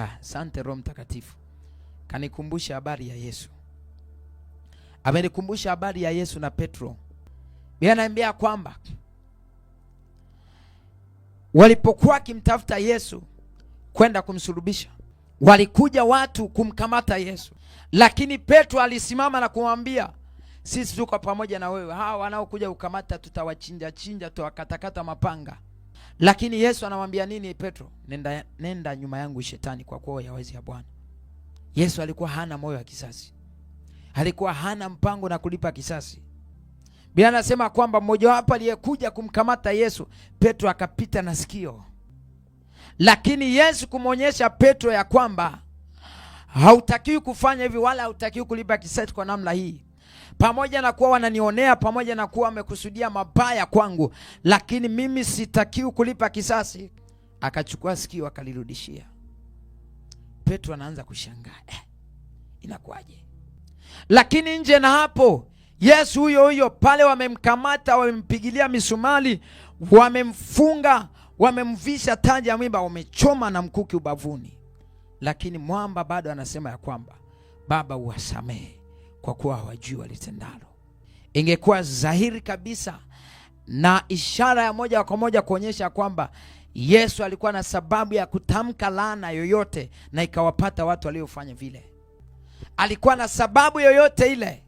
Ah, asante ah, Roho Mtakatifu kanikumbusha habari ya Yesu, amenikumbusha habari ya Yesu na Petro. Biblia inaambia kwamba walipokuwa wakimtafuta Yesu kwenda kumsulubisha, walikuja watu kumkamata Yesu, lakini Petro alisimama na kumwambia sisi tuko pamoja na wewe, hawa wanaokuja kukamata tutawachinja chinja, tuwakatakata mapanga. Lakini Yesu anamwambia nini Petro? Nenda, nenda nyuma yangu shetani, kwa kuwa yawezi ya Bwana. Yesu alikuwa hana moyo wa kisasi, alikuwa hana mpango na kulipa kisasi. Biblia anasema kwamba mmojawapo aliyekuja kumkamata Yesu, Petro akapita na sikio, lakini Yesu kumwonyesha Petro ya kwamba hautakiwi kufanya hivi wala hautakiwi kulipa kisasi kwa namna hii pamoja na kuwa wananionea, pamoja na kuwa wamekusudia mabaya kwangu, lakini mimi sitakiwi kulipa kisasi. Akachukua sikio akalirudishia. Petro anaanza kushangaa eh, inakuwaje? Lakini nje na hapo Yesu huyo huyo pale, wamemkamata wamempigilia misumali wamemfunga, wamemvisha taji ya mwiba, wamechoma na mkuki ubavuni, lakini mwamba bado anasema ya kwamba Baba uwasamehe kwa kuwa hawajui walitendalo. Ingekuwa dhahiri kabisa na ishara ya moja kwa moja kuonyesha kwamba Yesu alikuwa na sababu ya kutamka laana yoyote na ikawapata watu waliofanya vile. Alikuwa na sababu yoyote ile,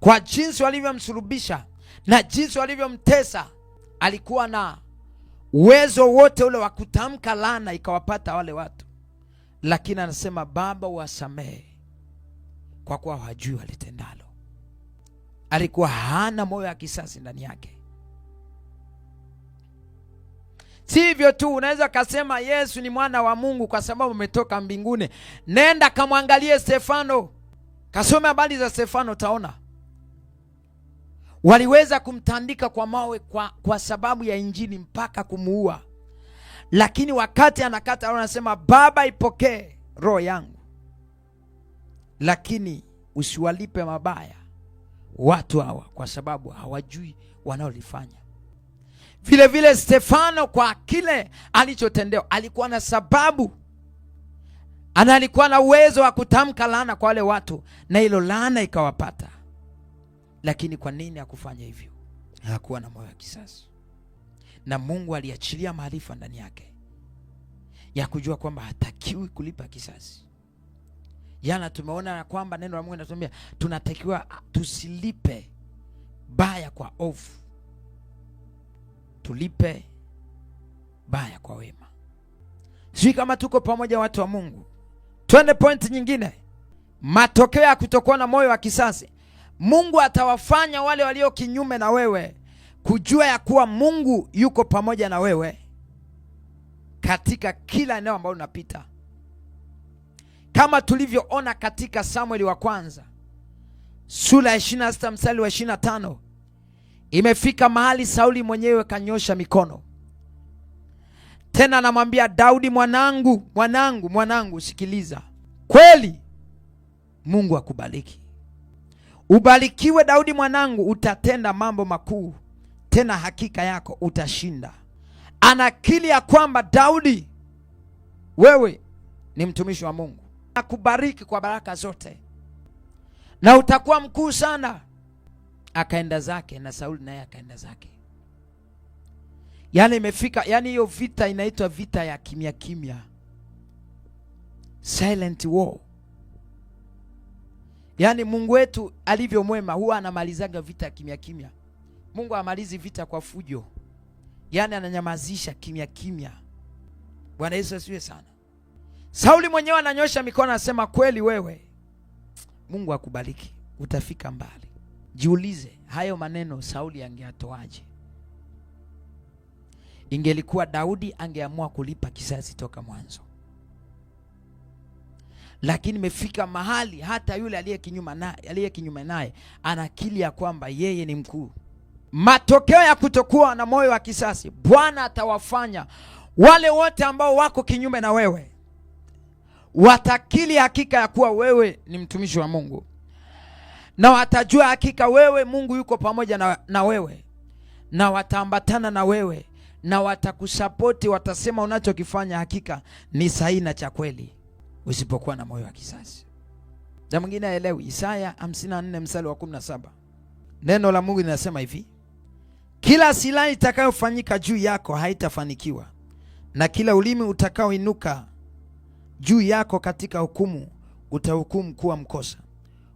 kwa jinsi walivyomsulubisha na jinsi walivyomtesa, alikuwa na uwezo wote ule wa kutamka laana ikawapata wale watu, lakini anasema Baba, wasamehe kwa kuwa hawajui walitendalo. Alikuwa hana moyo wa kisasi ndani yake. Sivyo tu unaweza kasema Yesu ni mwana wa Mungu kwa sababu umetoka mbinguni. Nenda kamwangalie Stefano, kasome habari za Stefano taona waliweza kumtandika kwa mawe kwa, kwa sababu ya injili mpaka kumuua, lakini wakati anakata anasema Baba, ipokee roho yangu, lakini Usiwalipe mabaya watu hawa, kwa sababu hawajui wanaolifanya. Vile vile Stefano kwa kile alichotendewa alikuwa na sababu ana alikuwa na uwezo wa kutamka lana kwa wale watu na hilo lana ikawapata, lakini kwa nini hakufanya hivyo? Hakuwa na moyo wa kisasi, na Mungu aliachilia maarifa ndani yake ya kujua kwamba hatakiwi kulipa kisasi. Jana tumeona ya kwamba neno la Mungu linatuambia tunatakiwa tusilipe baya kwa ovu, tulipe baya kwa wema. Sijui kama tuko pamoja, watu wa Mungu. Twende pointi nyingine, matokeo ya kutokuwa na moyo wa kisasi. Mungu atawafanya wale walio kinyume na wewe kujua ya kuwa Mungu yuko pamoja na wewe katika kila eneo ambalo unapita kama tulivyoona katika Samueli wa kwanza sura ya 26 mstari wa 25, imefika mahali Sauli mwenyewe kanyosha mikono tena, anamwambia Daudi, mwanangu, mwanangu, mwanangu, sikiliza, kweli Mungu akubariki, ubarikiwe Daudi mwanangu, utatenda mambo makuu, tena hakika yako utashinda. Anakili ya kwamba Daudi, wewe ni mtumishi wa Mungu kubariki kwa baraka zote na utakuwa mkuu sana. Akaenda zake na Sauli naye akaenda zake. Yani imefika, yani hiyo vita inaitwa vita ya kimya kimya, silent war. Yani Mungu wetu alivyo mwema, huwa anamalizaga vita ya kimya kimya. Mungu amalizi vita kwa fujo, yani ananyamazisha kimya kimya. Bwana Yesu asiwe sana Sauli mwenyewe ananyosha mikono anasema, kweli wewe Mungu akubariki, utafika mbali. Jiulize, hayo maneno Sauli angeatoaje? Ingelikuwa Daudi angeamua kulipa kisasi toka mwanzo, lakini imefika mahali hata yule aliye kinyuma naye aliye kinyuma naye anakili ya kwamba yeye ni mkuu. Matokeo ya kutokuwa na moyo wa kisasi, Bwana atawafanya wale wote ambao wako kinyume na wewe watakili hakika ya kuwa wewe ni mtumishi wa Mungu, na watajua hakika wewe Mungu yuko pamoja na, na wewe na wataambatana na wewe na watakusapoti, watasema unachokifanya hakika ni sahihi na cha kweli, usipokuwa na moyo wa kisasi. Na mwingine aelewi Isaya 54 mstari wa 17. Neno la Mungu linasema hivi: kila silaha itakayofanyika juu yako haitafanikiwa na kila ulimi utakaoinuka juu yako katika hukumu, utahukumu kuwa mkosa.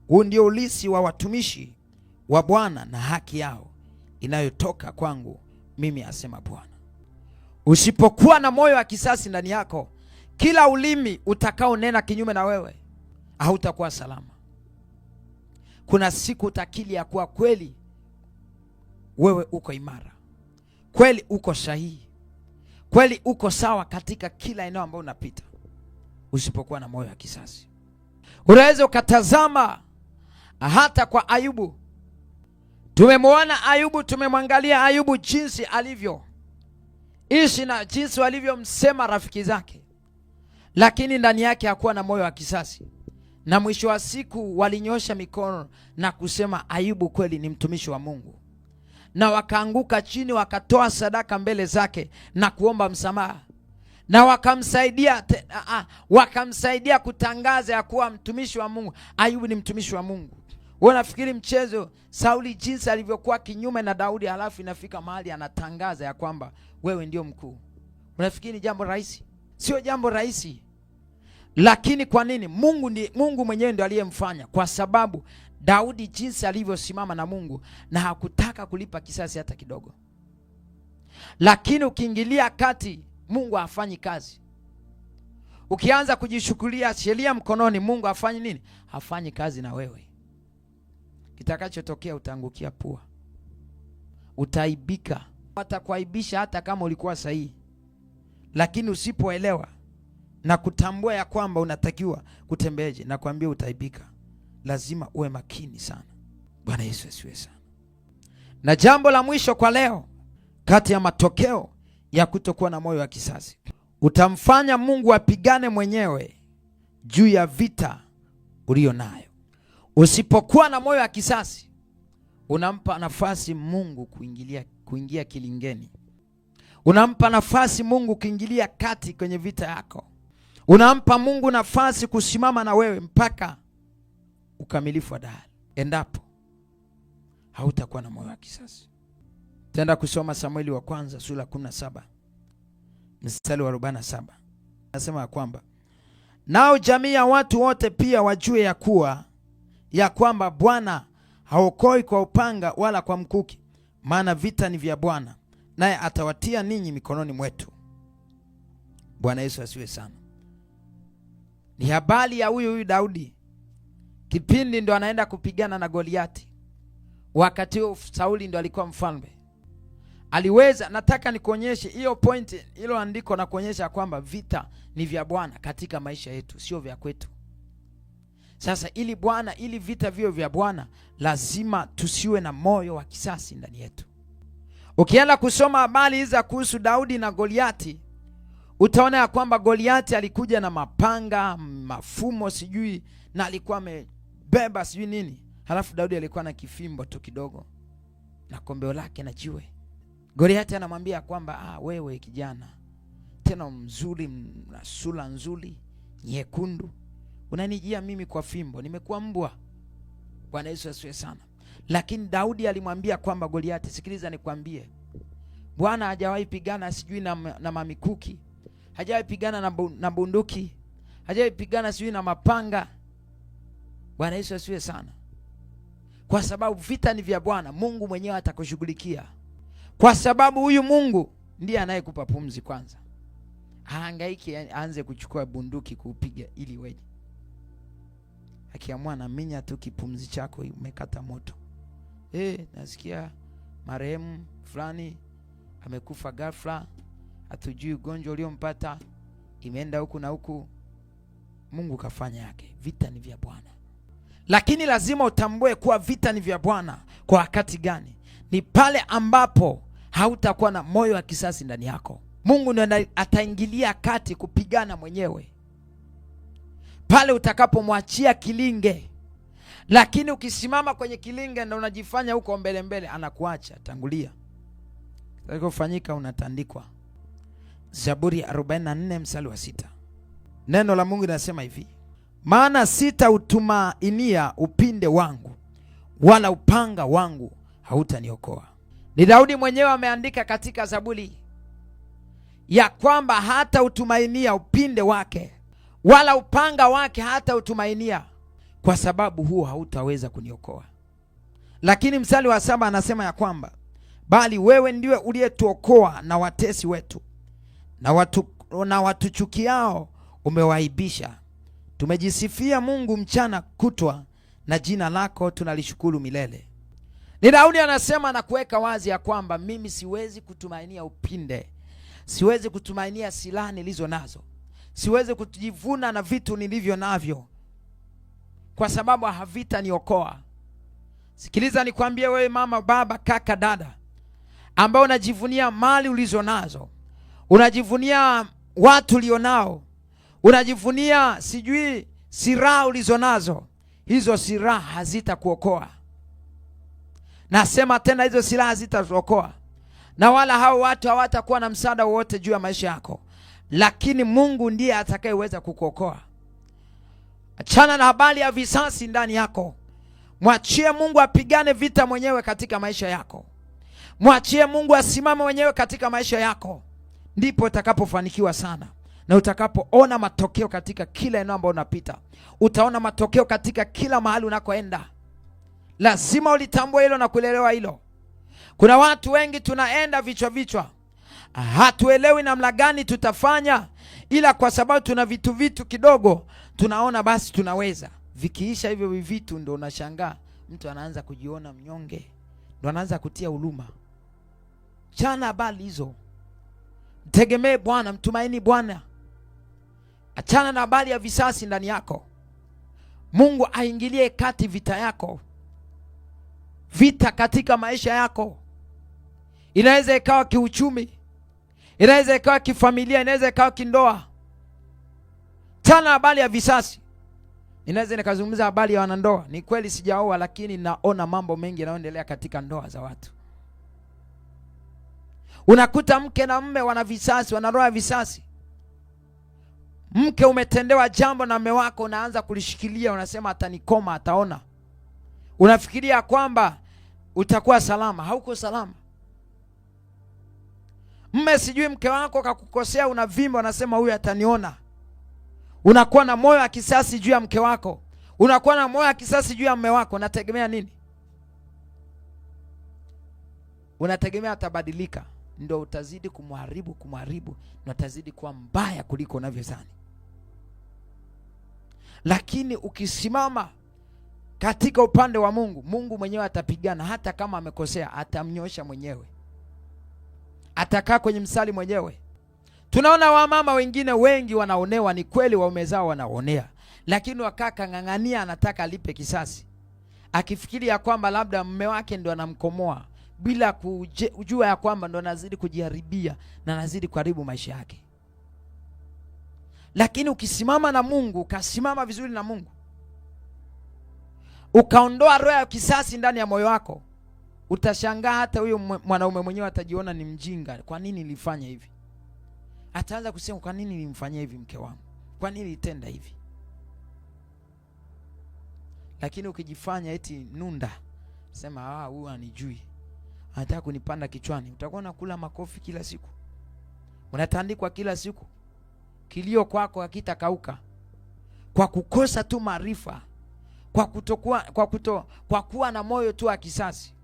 Huu ndio ulisi wa watumishi wa Bwana na haki yao inayotoka kwangu mimi, asema Bwana. Usipokuwa na moyo wa kisasi ndani yako, kila ulimi utakaonena kinyume na wewe hautakuwa salama. Kuna siku utakili ya kuwa kweli wewe uko imara, kweli uko sahihi, kweli uko sawa katika kila eneo ambayo unapita usipokuwa na moyo wa kisasi. Unaweza ukatazama hata kwa Ayubu. Tumemwona Ayubu, tumemwangalia Ayubu jinsi alivyo ishi na jinsi walivyomsema rafiki zake, lakini ndani yake hakuwa na moyo wa kisasi, na mwisho wa siku walinyosha mikono na kusema Ayubu kweli ni mtumishi wa Mungu, na wakaanguka chini wakatoa sadaka mbele zake na kuomba msamaha na wakamsaidia tena, wakamsaidia kutangaza ya kuwa mtumishi wa Mungu. Ayubu ni mtumishi wa Mungu. Wewe unafikiri mchezo Sauli jinsi alivyokuwa kinyume na Daudi, halafu inafika mahali anatangaza ya kwamba wewe ndio mkuu. Unafikiri ni jambo rahisi? Sio jambo rahisi. Lakini kwa nini? Mungu ni Mungu mwenyewe ndio aliyemfanya, kwa sababu Daudi jinsi alivyosimama na Mungu na hakutaka kulipa kisasi hata kidogo. Lakini ukiingilia kati Mungu hafanyi kazi. Ukianza kujishughulia sheria mkononi, Mungu hafanyi nini? Hafanyi kazi na wewe. Kitakachotokea utaangukia pua, utaibika, watakuaibisha hata kama ulikuwa sahihi. Lakini usipoelewa na kutambua ya kwamba unatakiwa kutembeeje, nakwambia utaibika. Lazima uwe makini sana. Bwana Yesu asiwe sana. Na jambo la mwisho kwa leo, kati ya matokeo ya kutokuwa na moyo wa kisasi. Utamfanya Mungu apigane mwenyewe juu ya vita ulio nayo. Usipokuwa na moyo wa kisasi, unampa nafasi Mungu kuingilia, kuingia kilingeni. Unampa nafasi Mungu kuingilia kati kwenye vita yako. Unampa Mungu nafasi kusimama na wewe mpaka ukamilifu wa dahari, endapo hautakuwa na moyo wa kisasi. Tenda kusoma Samueli wa kwanza sura 17 mstari wa 47. Nasema ya kwamba nao jamii ya watu wote pia wajue ya kuwa ya kwamba Bwana haokoi kwa upanga wala kwa mkuki, maana vita ni vya Bwana, naye atawatia ninyi mikononi mwetu. Bwana Yesu asiwe sana. Ni habari ya huyu huyu Daudi, kipindi ndo anaenda kupigana na Goliati. Wakati huo Sauli ndo alikuwa mfalme aliweza. Nataka nikuonyeshe hiyo point, hilo andiko na kuonyesha kwamba vita ni vya Bwana katika maisha yetu, sio vya kwetu. Sasa ili Bwana, ili vita vio vya Bwana, lazima tusiwe na moyo wa kisasi ndani yetu. Ukienda kusoma habari za kuhusu Daudi na Goliati utaona ya kwamba Goliati alikuja na mapanga, mafumo, sijui na alikuwa amebeba sijui nini, halafu Daudi alikuwa na kifimbo tu kidogo na kombeo lake na jiwe. Goliati anamwambia kwamba ah, wewe kijana tena mzuri na sura nzuri nyekundu, unanijia mimi kwa fimbo, nimekuwa mbwa. Bwana Yesu asifiwe sana. Lakini Daudi alimwambia kwamba Goliati, sikiliza nikwambie, Bwana hajawahi pigana sijui na, na mamikuki, hajawahi pigana na, bu, na bunduki, hajawahi pigana sijui na mapanga. Bwana Yesu asifiwe sana, kwa sababu vita ni vya Bwana. Mungu mwenyewe atakushughulikia kwa sababu huyu Mungu ndiye anayekupa pumzi kwanza. aangaiki aanze kuchukua bunduki kuupiga ili weje. Akiamua naminya tu kipumzi chako, umekata moto. E, nasikia marehemu fulani amekufa ghafla, hatujui ugonjwa uliompata, imeenda huku na huku. Mungu kafanya yake. Vita ni vya Bwana, lakini lazima utambue kuwa vita ni vya Bwana. Kwa wakati gani? ni pale ambapo hautakuwa na moyo wa kisasi ndani yako. Mungu ndiye ataingilia kati kupigana mwenyewe pale utakapomwachia kilinge. Lakini ukisimama kwenye kilinge na unajifanya huko mbele mbele, anakuacha tangulia, Kufanyika unatandikwa. Zaburi 44 mstari wa sita, neno la Mungu linasema hivi: maana sitatumainia upinde wangu, wala upanga wangu hautaniokoa. Ni Daudi mwenyewe ameandika katika Zaburi ya kwamba hata utumainia upinde wake wala upanga wake hata utumainia, kwa sababu huo hautaweza kuniokoa. Lakini mstari wa saba anasema ya kwamba bali wewe ndiwe uliyetuokoa na watesi wetu na watu na watuchukiao umewaibisha. Tumejisifia Mungu mchana kutwa, na jina lako tunalishukuru milele. Ni Daudi anasema na kuweka wazi ya kwamba mimi siwezi kutumainia upinde, siwezi kutumainia silaha nilizo nazo, siwezi kujivuna na vitu nilivyo navyo, kwa sababu havitaniokoa. Sikiliza nikwambie wewe mama, baba, kaka, dada, ambao unajivunia mali ulizo nazo, unajivunia watu ulionao, unajivunia sijui silaha ulizo nazo, hizo silaha hazitakuokoa. Nasema tena hizo silaha zitatuokoa na wala hao watu hawatakuwa na msaada wowote juu ya maisha yako, lakini Mungu ndiye atakayeweza kukuokoa. Achana na habari ya visasi ndani yako, mwachie Mungu apigane vita mwenyewe katika maisha yako, mwachie Mungu asimame mwenyewe katika maisha yako, ndipo utakapofanikiwa sana na utakapoona matokeo katika kila eneo ambalo unapita, utaona matokeo katika kila mahali unakoenda. Lazima ulitambua hilo na kuelewa hilo. Kuna watu wengi tunaenda vichwa vichwa, hatuelewi namna gani tutafanya, ila kwa sababu tuna vitu vitu kidogo tunaona basi tunaweza. Vikiisha hivyo vitu, ndo unashangaa mtu anaanza kujiona mnyonge, ndo anaanza kutia huluma Chana habari hizo, mtegemee Bwana, mtumaini Bwana. Achana na habari ya visasi ndani yako. Mungu aingilie kati vita yako vita katika maisha yako. Inaweza ikawa kiuchumi, inaweza ikawa kifamilia, inaweza ikawa kindoa. Chana habari ya visasi. Ninaweza nikazungumza habari ya wanandoa. Ni kweli sijaoa, lakini naona mambo mengi yanayoendelea katika ndoa za watu. Unakuta mke na mme wana visasi, wana roho ya visasi. Mke umetendewa jambo na mme wako, unaanza kulishikilia, unasema atanikoma, ataona. Unafikiria kwamba utakuwa salama. Hauko salama. Mme, sijui mke wako kakukosea, unavimba, unasema huyu ataniona. Unakuwa na moyo wa kisasi juu ya mke wako, unakuwa na moyo wa kisasi juu ya mme wako. Unategemea nini? Unategemea atabadilika? Ndo utazidi kumharibu, kumharibu na utazidi kuwa mbaya kuliko unavyozani. Lakini ukisimama katika upande wa Mungu, Mungu mwenyewe atapigana. Hata kama amekosea, atamnyosha mwenyewe, atakaa kwenye msali mwenyewe. Tunaona wamama wengine wengi wanaonewa, ni kweli waume zao wanaonea, lakini wakaka ng'ang'ania, anataka alipe kisasi, akifikiri ya kwamba labda mume wake ndo anamkomoa bila kujua ya kwamba ndo anazidi kujiharibia na anazidi kuharibu maisha yake. Lakini ukisimama na Mungu, ukasimama vizuri na Mungu, ukaondoa roho ya kisasi ndani ya moyo wako, utashangaa hata huyo mwanaume mwenyewe atajiona ni mjinga. Kwa nini nilifanya hivi? Ataanza kusema kwa nini nilimfanyia hivi mke wangu, kwa nini nilitenda hivi? Lakini ukijifanya eti nunda, sema ah, huyu anijui, anataka kunipanda kichwani, utakuwa unakula makofi kila siku, unatandikwa kila siku, kilio kwako hakitakauka kwa kukosa tu maarifa kwa, kutokuwa, kwa, kuto, kwa kuwa na moyo tu wa kisasi.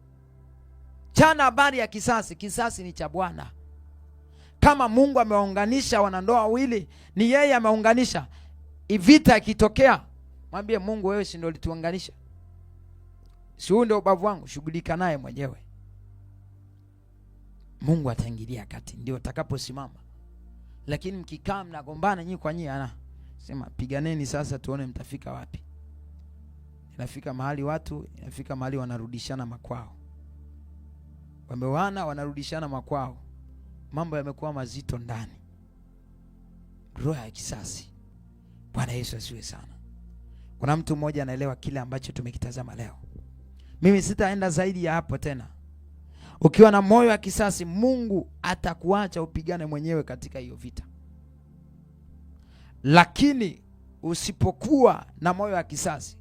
Chana habari ya kisasi. Kisasi ni cha Bwana. Kama Mungu ameunganisha wanandoa wawili, ni yeye ameunganisha. Ivita ikitokea, mwambie Mungu, wewe si ndio ulituunganisha? Si huu ndio ubavu wangu? Shughulika naye mwenyewe. Mungu ataingilia kati, ndio utakaposimama. Lakini mkikaa mnagombana nyinyi kwa nyinyi, ana sema piganeni sasa, tuone mtafika wapi inafika mahali watu, inafika mahali wanarudishana makwao, wamewana, wanarudishana makwao. Mambo yamekuwa mazito ndani, roho ya kisasi. Bwana Yesu asiwe sana. Kuna mtu mmoja anaelewa kile ambacho tumekitazama leo. Mimi sitaenda zaidi ya hapo tena. Ukiwa na moyo wa kisasi, Mungu atakuacha upigane mwenyewe katika hiyo vita, lakini usipokuwa na moyo wa kisasi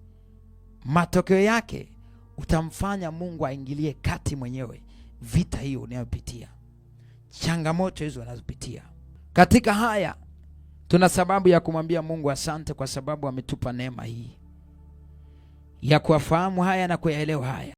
matokeo yake utamfanya Mungu aingilie kati mwenyewe vita hiyo unayopitia, changamoto hizo unazopitia. Katika haya tuna sababu ya kumwambia Mungu asante, kwa sababu ametupa neema hii ya kuwafahamu haya na kuyaelewa haya.